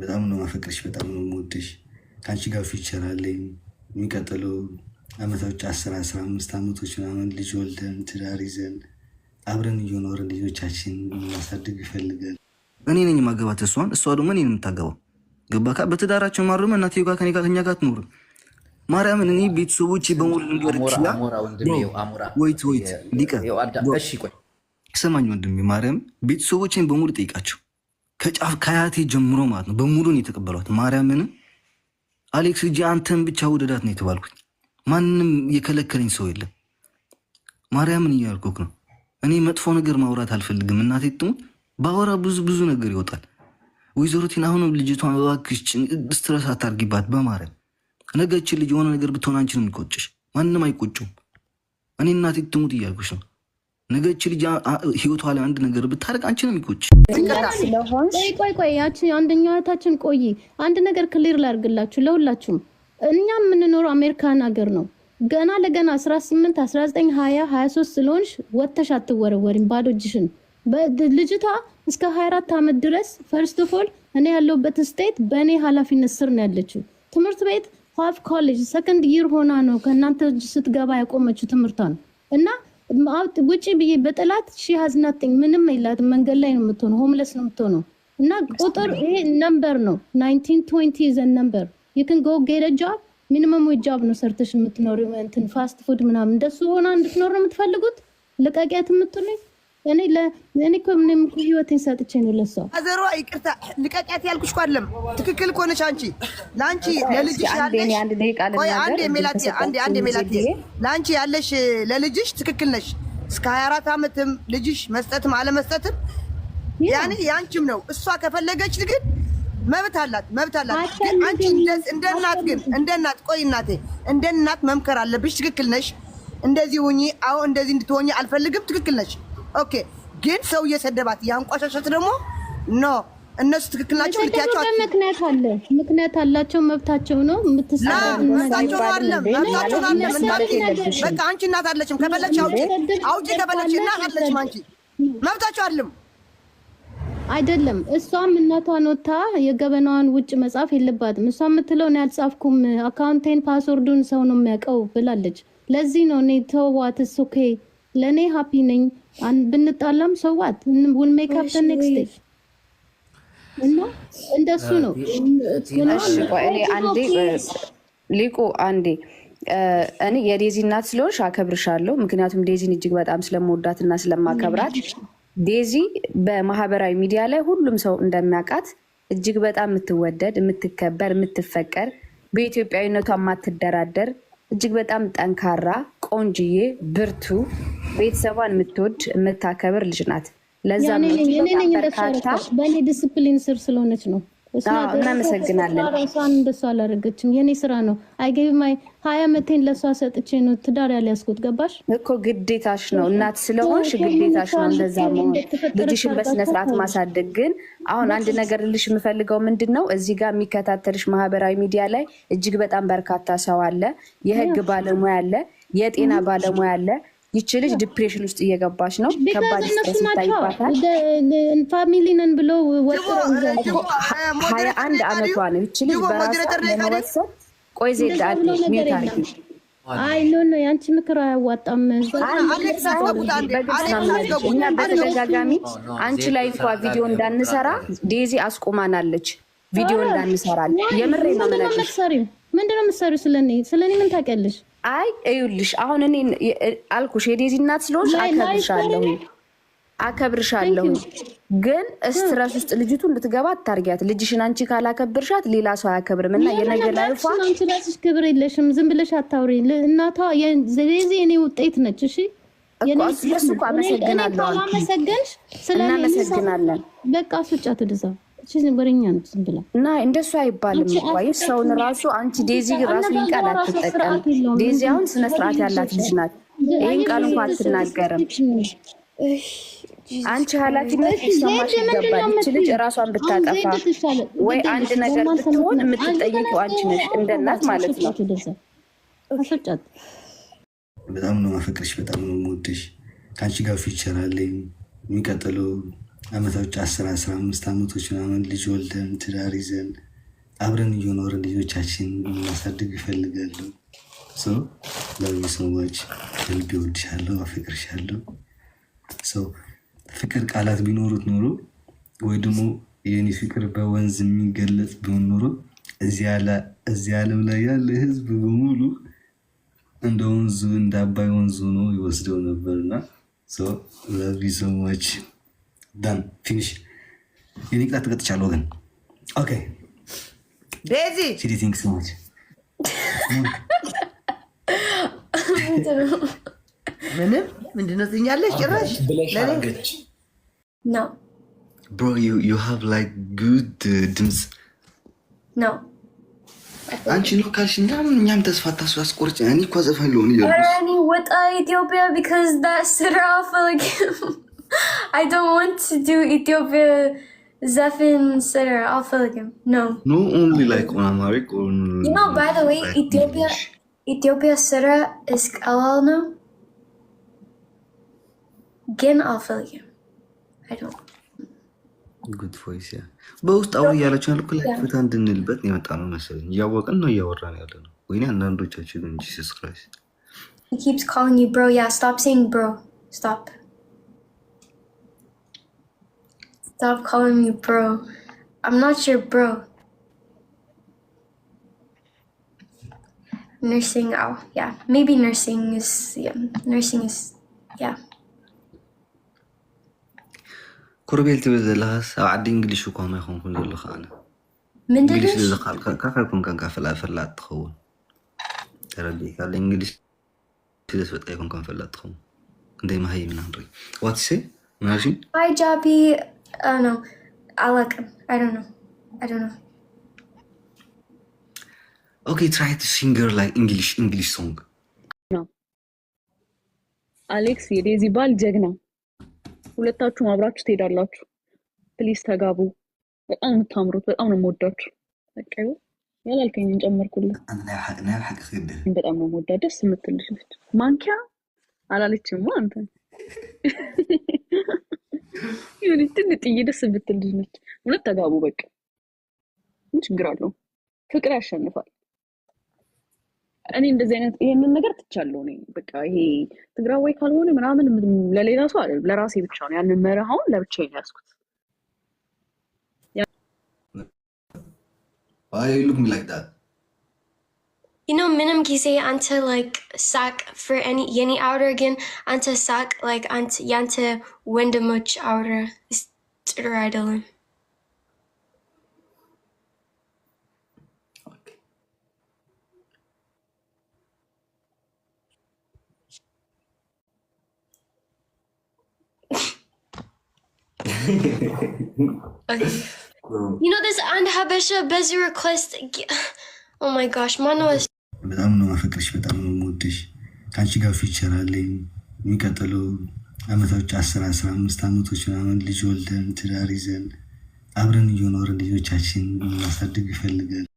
በጣም ነው ማፈቅርሽ፣ በጣም ነው የምወድሽ። ከአንቺ ጋር ፊቸር አለኝ። የሚቀጥለው አመታዎች አስር አስራ አምስት አመቶች ምናምን ልጅ ወልደን ትዳር ይዘን አብረን እየኖርን ልጆቻችን ማሳደግ ይፈልጋል። እኔ ነኝ ማገባት እሷን፣ እሷ ደግሞ እኔ የምታገባው ገባካ። በትዳራቸው ማሩም እናትዬ ጋር ከኔ ጋር ከኛ ጋር ትኖር ማርያምን እኔ ቤተሰቦች በሙሉ ልንገር ወይት ወይት ሊቀ ስማኝ ወንድሜ ማርያም ቤተሰቦችን በሙሉ ጠይቃቸው ከጫፍ ከአያቴ ጀምሮ ማለት ነው በሙሉ ነው የተቀበሏት። ማርያምን አሌክስ እጅ አንተን ብቻ ውደዳት ነው የተባልኩት። ማንም የከለከለኝ ሰው የለም። ማርያምን እያልኩክ ነው እኔ መጥፎ ነገር ማውራት አልፈልግም። እናቴ ጥሙ በአወራ ብዙ ብዙ ነገር ይወጣል። ወይዘሮቴን አሁንም ልጅቷን እባክሽ ስትረስ አታርጊባት በማርያም ነገችን ልጅ የሆነ ነገር ብትሆን አንቺን የሚቆጭሽ ማንም አይቆጩም። እኔ እናቴ ትሙት እያልኩሽ ነው። ነገ እች ልጅ ህይወቷ ላይ አንድ ነገር ብታደርግ አንቺ ነው የሚጎች። ቆይ ቆይ ያቺ አንደኛ እህታችን ቆይ፣ አንድ ነገር ክሊር ላርግላችሁ ለሁላችሁም። እኛ የምንኖረው አሜሪካን ሀገር ነው። ገና ለገና 18 19 20 23 ስለሆንሽ ወተሽ አትወረወሪም ባዶ እጅሽን። ልጅቷ እስከ 24 ዓመት ድረስ ፈርስት ኦፍ ኦል እኔ ያለሁበት ስቴት በእኔ ኃላፊነት ስር ነው ያለችው። ትምህርት ቤት ሀፍ ኮሌጅ ሰከንድ ይር ሆና ነው ከእናንተ እጅ ስትገባ ያቆመችው ትምህርቷን እና ውጭ ብዬ በጠላት ሺ ሀዝናትኝ ምንም የላትም። መንገድ ላይ ነው የምትሆነው፣ ሆምለስ ነው የምትሆነው። እና ቁጥር ይሄ ነምበር ነው። ናይንቲን ትዌንቲ ዘን ነምበር ይክን ጎ ጌደ ጃብ ሚኒመም ጃብ ነው ሰርተሽ የምትኖር እንትን ፋስት ፉድ ምናምን እንደሱ ሆና እንድትኖር ነው የምትፈልጉት። ልቀቂያት የምትሉኝ እኔ እኮ ምንም ህይወቴን ሰጥቼ ነው ለሷ። አዘሯ ይቅርታ ልቀቂያት ያልኩሽ እኮ አይደለም። ትክክል እኮ ነሽ አንቺ። ለልጅሽ ያለሽ ለልጅሽ ትክክል ነሽ። እስከ 24 ዓመትም ልጅሽ መስጠትም አለመስጠትም ያኔ ያንቺም ነው። እሷ ከፈለገች ግን መብት አላት፣ መብት አላት። አንቺ እንደ እናት ግን እንደ እናት ቆይ እናቴ፣ እንደ እናት መምከር አለብሽ። ትክክል ነሽ። እንደዚህ ሁኚ፣ አሁን እንደዚህ እንድትሆኚ አልፈልግም። ትክክል ነሽ። ኦኬ። ግን ሰው እየሰደባት ያንቋሻሻት ደግሞ ኖ እነሱ ትክክል ናቸው። ልትያቸው ምክንያት አለ፣ ምክንያት አላቸው፣ መብታቸው ነው። የምትሳቸው አለም መብታቸው አለም በቃ አንቺ እናት አለችም፣ ከፈለግሽ አውጪ አውጪ፣ ከፈለግሽ እናት አለችም። አንቺ መብታቸው አለም አይደለም። እሷም እናቷን ወታ የገበናዋን ውጭ መጻፍ የለባትም። እሷ የምትለው እኔ አልጻፍኩም፣ አካውንቴን ፓስወርዱን ሰው ነው የሚያውቀው ብላለች። ለዚህ ነው እኔ ተዋት፣ ኦኬ ለእኔ ሀፒ ነኝ ብንጣላም ሰዋት ውል ሜካፕ ኔክስት እና እንደሱ ነው። ሊቁ አንዴ እኔ የዴዚ እናት ስለሆንሽ አከብርሻለሁ። ምክንያቱም ዴዚን እጅግ በጣም ስለምወዳትና ስለማከብራት ዴዚ በማህበራዊ ሚዲያ ላይ ሁሉም ሰው እንደሚያውቃት እጅግ በጣም የምትወደድ፣ የምትከበር፣ የምትፈቀር በኢትዮጵያዊነቷ የማትደራደር እጅግ በጣም ጠንካራ ቆንጅዬ፣ ብርቱ ቤተሰቧን የምትወድ የምታከብር ልጅ ናት። ለዛ በእኔ ዲስፕሊን ስር ስለሆነች ነው እናመሰግናለን። እንደሱ የኔ ስራ ነው። አይገቢ ማይ ሀያ መቴን ለእሷ ሰጥቼ ነው ትዳር ያልያዝኩት። ገባሽ እኮ ግዴታሽ ነው። እናት ስለሆንሽ ግዴታሽ ነው እንደዛ መሆን፣ ልጅሽን በስነስርዓት ማሳደግ። ግን አሁን አንድ ነገር ልሽ የምፈልገው ምንድን ነው፣ እዚህ ጋር የሚከታተልሽ ማህበራዊ ሚዲያ ላይ እጅግ በጣም በርካታ ሰው አለ። የህግ ባለሙያ አለ፣ የጤና ባለሙያ አለ ይቺ ልጅ ዲፕሬሽን ውስጥ እየገባች ነው። ከባድ ስትረስ ፋሚሊ ነን ብሎ ሀያ አንድ አመቷ ነው። ይቺ ልጅ በራሷ አይ ኖ ኖ የአንቺ ምክር አያዋጣም። እኛ በተደጋጋሚ አንቺ ላይ እንኳ ቪዲዮ እንዳንሰራ ዴዚ አስቁማናለች። ቪዲዮ እንዳንሰራል የምሬ ነው። ምንድነው የምትሰሪው? ስለኔ ስለኔ ምን ታውቂያለሽ? አይ እዩልሽ፣ አሁን እኔ አልኩሽ የዴዚ እናት ስለሆንሽ አከብርሻለሁ አከብርሻለሁ፣ ግን ስትረስ ውስጥ ልጅቱ እንድትገባ አታርጊያት። ልጅሽን አንቺ ካላከብርሻት ሌላ ሰው አያከብርም። እና የነገ ላይፏ ራስሽ ክብር የለሽም። ዝም ብለሽ አታውሪ። እናቷ የዴዚ የኔ ውጤት ነች። እሺ እሱ እኮ አመሰግናለሁ። ስለመሰግናለን። በቃ ሱጫት ወደዛ ቺዝ ነው ዝም ብላ እና እንደሱ አይባልም። ይባይስ ሰውን ራሱ አንቺ ዴዚ ራሱ ይህን ቃል አትጠቀም። ዴዚ አሁን ስነ ስርዓት ያላት ልጅ ናት። ይህን ቃል እንኳ አትናገርም። አንቺ ኃላፊነት ሊሰማሽ ይገባል። ይች ልጅ እራሷን ብታጠፋ ወይ አንድ ነገር ብትሆን የምትጠይቁ አንቺ ነሽ፣ እንደናት ማለት ነው። በጣም ነው ማፈቅርሽ፣ በጣም ነው የምወድሽ። ከአንቺ ጋር ፊቸር አለኝ የሚቀጥለው ዓመታዎች አስር አስራ አምስት ዓመቶች ምናምን ልጅ ወልደን ትዳር ይዘን አብረን እየኖርን ልጆቻችን ማሳደግ ይፈልጋሉ። ሰው ለብዙ ሰዎች ልቤ ወድሻለሁ፣ አፈቅርሻለሁ። ሰው ፍቅር ቃላት ቢኖሩት ኖሮ ወይ ደግሞ የኔ ፍቅር በወንዝ የሚገለጽ ቢሆን ኖሮ እዚህ ዓለም ላይ ያለ ህዝብ በሙሉ እንደ ወንዙ እንደ አባይ ወንዙ ነው ይወስደው ነበርና ሰው ለብዙ ሰዎች ዳን ፊኒሽ። የኔ ቅጣት ተቀጥቻለሁ ግን ኦኬ ዴዚ ሲዲ ማች ምንም ምንድን ነው ትኛለሽ? ጭራሽ ብሮ ዩ ሃቭ ላይክ ጉድ ድምፅ ነው። አንቺ ነው ካልሽ እኛም ተስፋ ታስ አስቆርጭ እኔ እኮ ዘፈን ወጣ ኢትዮጵያ ቢካዝ ስራ አልፈልግም I don't want to do Ethiopia Zephin Center. I'll fill again. No. No, only like on American. or. You know, by the way, like Ethiopia English. Ethiopia Center is Kalalno. Again, I'll feel I don't. ጉድ ቮይስ ያ በውስጥ አሁን እያለችን ያልኩ ላይ ፍታ እንድንልበት i የመጣ ነው መሰለኝ። እያወቅን ነው እያወራን ያለ ነው። ወይኔ አንዳንዶቻችን እንጂ ስስክራይስ He keeps calling you bro. Yeah, stop saying bro. Stop. Stop calling me bro. I'm not your bro. Nursing, oh, yeah. Maybe nursing is, yeah. Nursing is, yeah. كروبيل بزلاس أو عاد إنجليش وكم يخون كل اللي خانة. من دلش؟ إنجليش زلها خال كا كا يكون كان كافلا فلا تخون. ترى دي قال إنجليش كذا سويت كيكون كان فلا تخون. ما هي من هنري. واتسي ماشي؟ هاي جابي ነው አላውቅም። ኦኬ ትራይ ቱ ሲንገር ላይ እንግሊሽ እንግሊሽ ሶንግ አሌክስ የዴዚ ባል ጀግና። ሁለታችሁም አብራችሁ ትሄዳላችሁ። ፕሊስ ተጋቡ። በጣም የምታምሩት፣ በጣም ነው የምወዳችሁ። ቀዩ ያላልከኝን ጨመርኩልህ። በጣም ነው የምወዳት ደስ የምትልሽ ማንኪያ አላለችም አንተ የሆነ ትንጥዬ ደስ ብትል ልጅ ነች። እውነት ተጋቡ በቃ ምን ችግር አለው? ፍቅር ያሸንፋል። እኔ እንደዚህ አይነት ይሄንን ነገር ትቻለሁ። እኔ በቃ ይሄ ትግራዋይ ካልሆነ ምናምን ለሌላ ሰው አይደለም ለራሴ ብቻ ነው። ያንን መርሃውን ለብቻ ነው ያዝኩት። አይ ሉክ ሚ ላይክ ዳት You know, benim kişiye anta like sak for any yeni again anta sak like yanta yante outer. Is istiridalım. okay. You know this and Habesha busy request. Oh my gosh, Mano is በጣም ነው ማፈቅርሽ፣ በጣም ነው የምወደሽ። ከአንቺ ጋር ፊቸር አለኝ። የሚቀጥለው አመታዎች አስር አስራ አምስት አመቶች ምናምን ልጅ ወልደን ትዳር ይዘን አብረን እየኖርን ልጆቻችን ማሳደግ ይፈልጋል።